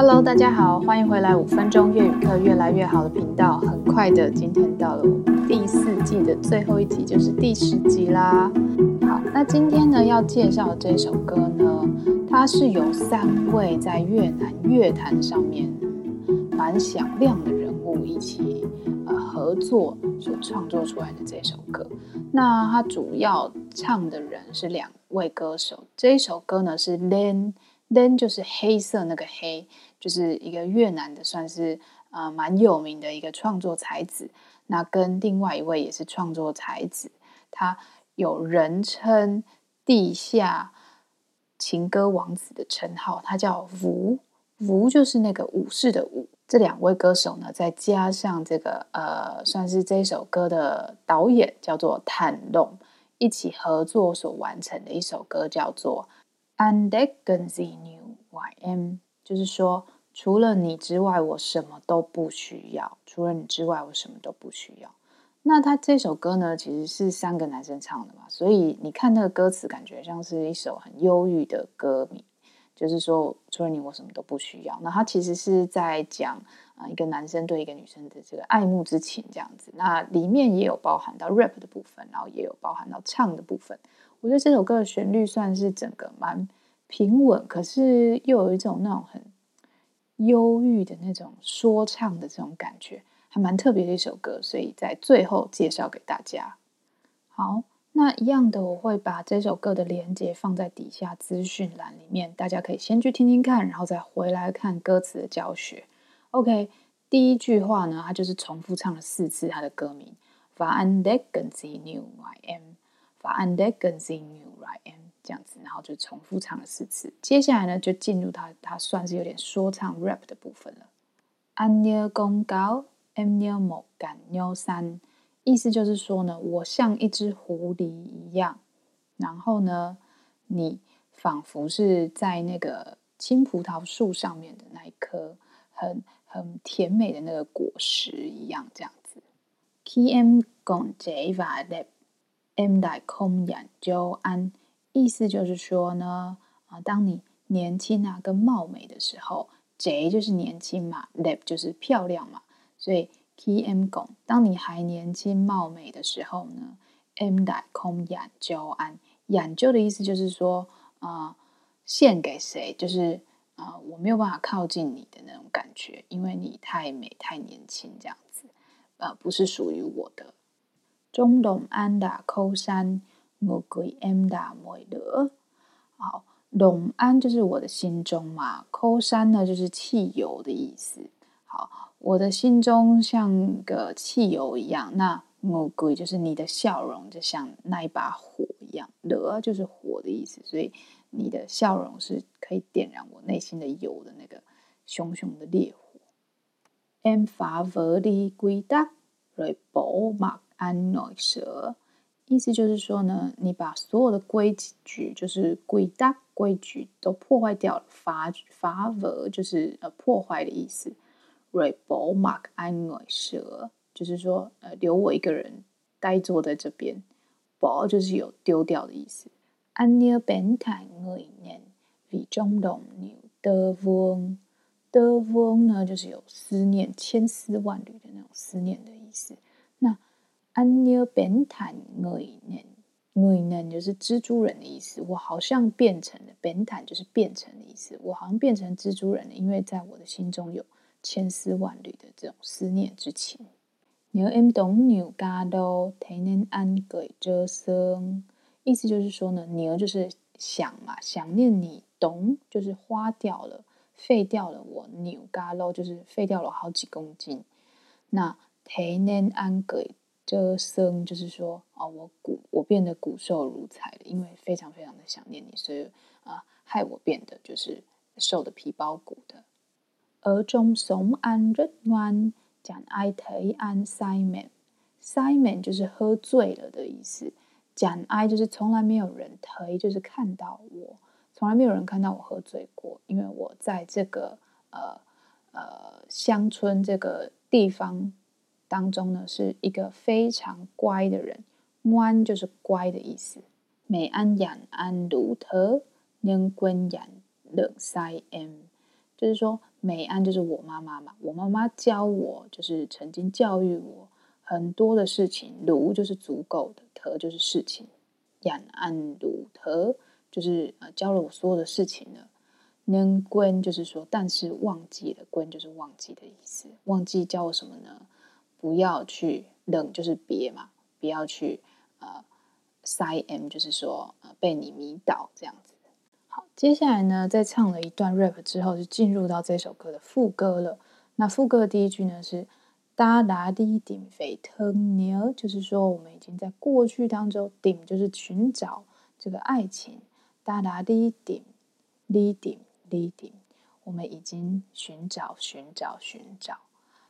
Hello，大家好，歡迎回來！五分鐘越語課，越來越好的頻道。很快的，今天到了我們第四季的最後一集，就是第十集啦。好，那今天呢，要介紹的這首歌呢，它是由三位在越南樂壇上面蠻響亮的人物一起呃合作所創作出來的這首歌。那它主要唱的人是兩位歌手，這一首歌呢是 Đen。Đen 就是黑色那個黑，就是一個越南的，算是呃蠻有名的一個創作才子。那跟另外一位也是創作才子，他有人稱地下情歌王子的稱號，他叫 Vũ，Vũ，就是那個武士的武。這兩位歌手呢，再加上這個呃，算是這首歌的導演，叫做 Thành Đồng，一起合作所完成的一首歌，叫做。Anh Đếch Cần Gì Nhiều Ngoài Em 就是說，除了你之外，我什麼都不需要。除了你之外，我什麼都不需要。那他這首歌呢，其實是三個男生唱的嘛，所以你看那個歌詞，感覺像是一首很憂鬱的歌名，就是說，除了你，我什麼都不需要。那他其實是在講啊、呃，一個男生對一個女生的這個愛慕之情這樣子。那裡面也有包含到 rap 的部分，然後也有包含到唱的部分。我覺得這首歌的旋律算是整個蠻平穩，可是又有一種那種很憂鬱的那種說唱的這種感覺，還蠻特別的一首歌，所以在最後介紹給大家。好，那一樣的我會把這首歌的連結放在底下資訊欄裡面，大家可以先去聽聽看，然後再回來看歌詞的教學。OK，第一句話呢，它就是重複唱了四次它的歌名，Anh Đếch Cần Gì Nhiều Ngoài Em。法安德更新牛，right n 這樣子，然後就重複唱了四次。接下來呢就進，就進入到他算是有點說唱 （rap） 的部分了。安妞公高，m 妞某敢妞三，意思就是說呢，我像一只狐狸一樣，然後呢，你仿佛是在那個青葡萄樹上面的那一顆很很甜美的那個果實一樣，這樣子。km 公 j m 代空眼舊安，意思就是說呢，啊，當你年輕啊、跟貌美的時候，j 就是年輕嘛，leb 就是漂亮嘛，所以 k m 拱，當你還年輕貌美的時候呢，m 代空眼舊安，眼舊的意思就是說，啊、呃，獻給誰？就是啊、呃，我沒有辦法靠近你的那種感覺，因為你太美、太年輕，這樣子，呃，不是屬於我的。中東安達扣山，我鬼 M 達沒德。好，東安就是我的心中嘛，扣山呢就是汽油的意思。好，我的心中像個汽油一樣。那我鬼就是你的笑容，就像那一把火一樣。得就是火的意思，所以你的笑容是可以點燃我內心的油的那個熊熊的烈火。安華福利貴達來寶馬。安諾蛇，意思就是說呢，你把所有的規矩就是規搭規矩都破壞掉了。發發就是呃破壞的意思 r e b e 安諾蛇就是說呃，留我一個人呆坐在這邊 b 就是有丟掉的意思。安尼 n i e b 年，n t a m 里中東的翁德，翁呢就是有思念千絲萬縷的那種思念的意思那安妮變坦，諾伊南，諾伊南就是蜘蛛人的意思。我好像變成了，變坦就是變成的意思。我好像變成蜘蛛人了，因為在我的心中有千絲萬縷的這種思念之情。牛 M 懂牛加多，體內安貴遮生，意思就是說呢，牛就是想嘛，想念你懂，懂就是花掉了，廢掉了我。我牛加多就是廢掉了好幾公斤。那體內安貴這聲就是說，哦，我骨我變得骨瘦如柴了，因為非常非常的想念你，所以啊、呃，害我變得就是瘦的皮包骨的。而中松安日暖，講哀頹安西門，西門就是喝醉了的意思。講哀就是從來沒有人，頹就是看到我，從來沒有人看到我喝醉過，因為我在這個呃呃鄉村這個地方。當中呢，是一個非常乖的人，彎就是乖的意思。美安養安盧特，能關養冷塞 M，就是說美安就是我媽媽嘛。我媽媽教我，就是曾經教育我很多的事情。盧就是足夠的，特就是事情，養安盧特就是呃教了我所有的事情了。能關就是說，但是忘記了，關就是忘記的意思，忘記教我什麼呢？不要去冷，就是別嘛，不要去呃 say em，就是說呃被你迷倒這樣子。好，接下來呢，在唱了一段 rap 之後，嗯、就進入到這首歌的副歌了。那副歌的第一句呢是“達達滴頂非常 near”，就是說我們已經在過去當中頂，就是尋找這個愛情。達達滴頂，leading，leading，我們已經尋找、尋找、尋找。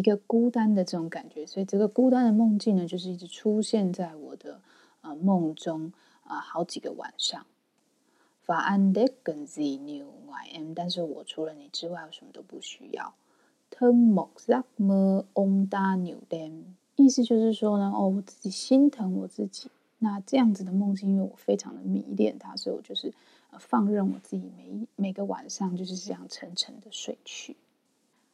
一個孤單的這種感覺，所以這個孤單的夢境呢，就是一直出現在我的、呃、夢中啊、呃、好幾個晚上。法安德跟自己 new my m，但是我除了你之外，我什麼都不需要。疼莫扎麼？孤單 new t h m 意思就是說呢，哦，我自己心疼我自己。那這樣子的夢境，因為我非常的迷戀他，所以我就是放任我自己每，每每個晚上就是這樣沉沉的睡去。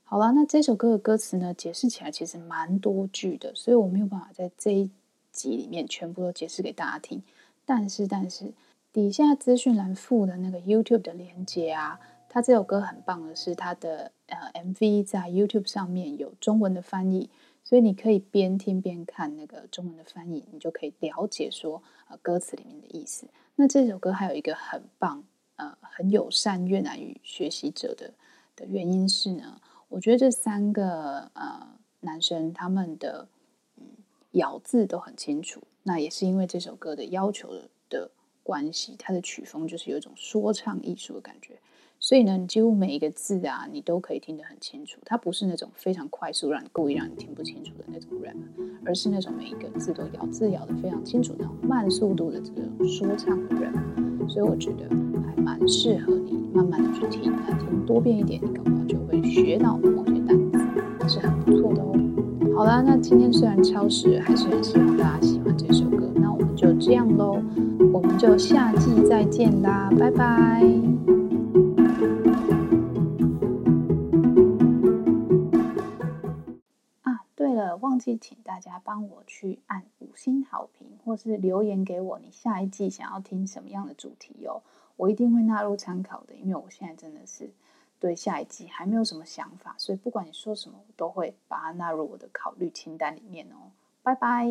好啦，那這首歌的歌詞呢，解釋起來其實蠻多句的，所以我沒有辦法在這一集裡面全部都解釋給大家聽。但是，但是底下資訊欄附的那個 YouTube 的連結啊，它這首歌很棒的是它的呃 MV 在 YouTube 上面有中文的翻譯，所以你可以邊聽邊看那個中文的翻譯，你就可以了解說呃歌詞裡面的意思。那這首歌還有一個很棒呃很友善越南語學習者的的原因是呢，我覺得這三個呃男生他們的嗯咬字都很清楚，那也是因為這首歌的要求的關係，它的曲風就是有一種說唱藝術的感覺，所以呢，幾乎每一個字啊，你都可以聽得很清楚。它不是那種非常快速，讓你故意讓你聽不清楚的那種 rap，而是那種每一個字都咬字咬得非常清楚，那種慢速度的這種說唱 rap。所以我覺得。蠻適合你慢慢的去聽，聽多遍一點，你可能就會學到某些單詞，是很不錯的哦。好啦，那今天雖然超時，還是很希望大家喜歡這首歌。那我們就這樣嘍，我們就下季再見啦，拜拜。啊，對了，忘記請大家幫我去按五星好評，或是留言給我，你下一季想要聽什麼樣的主題哦。我一定會納入參考的，因為我現在真的是對下一季還沒有什麼想法，所以不管你說什麼，我都會把它納入我的考慮清單裡面哦。拜拜。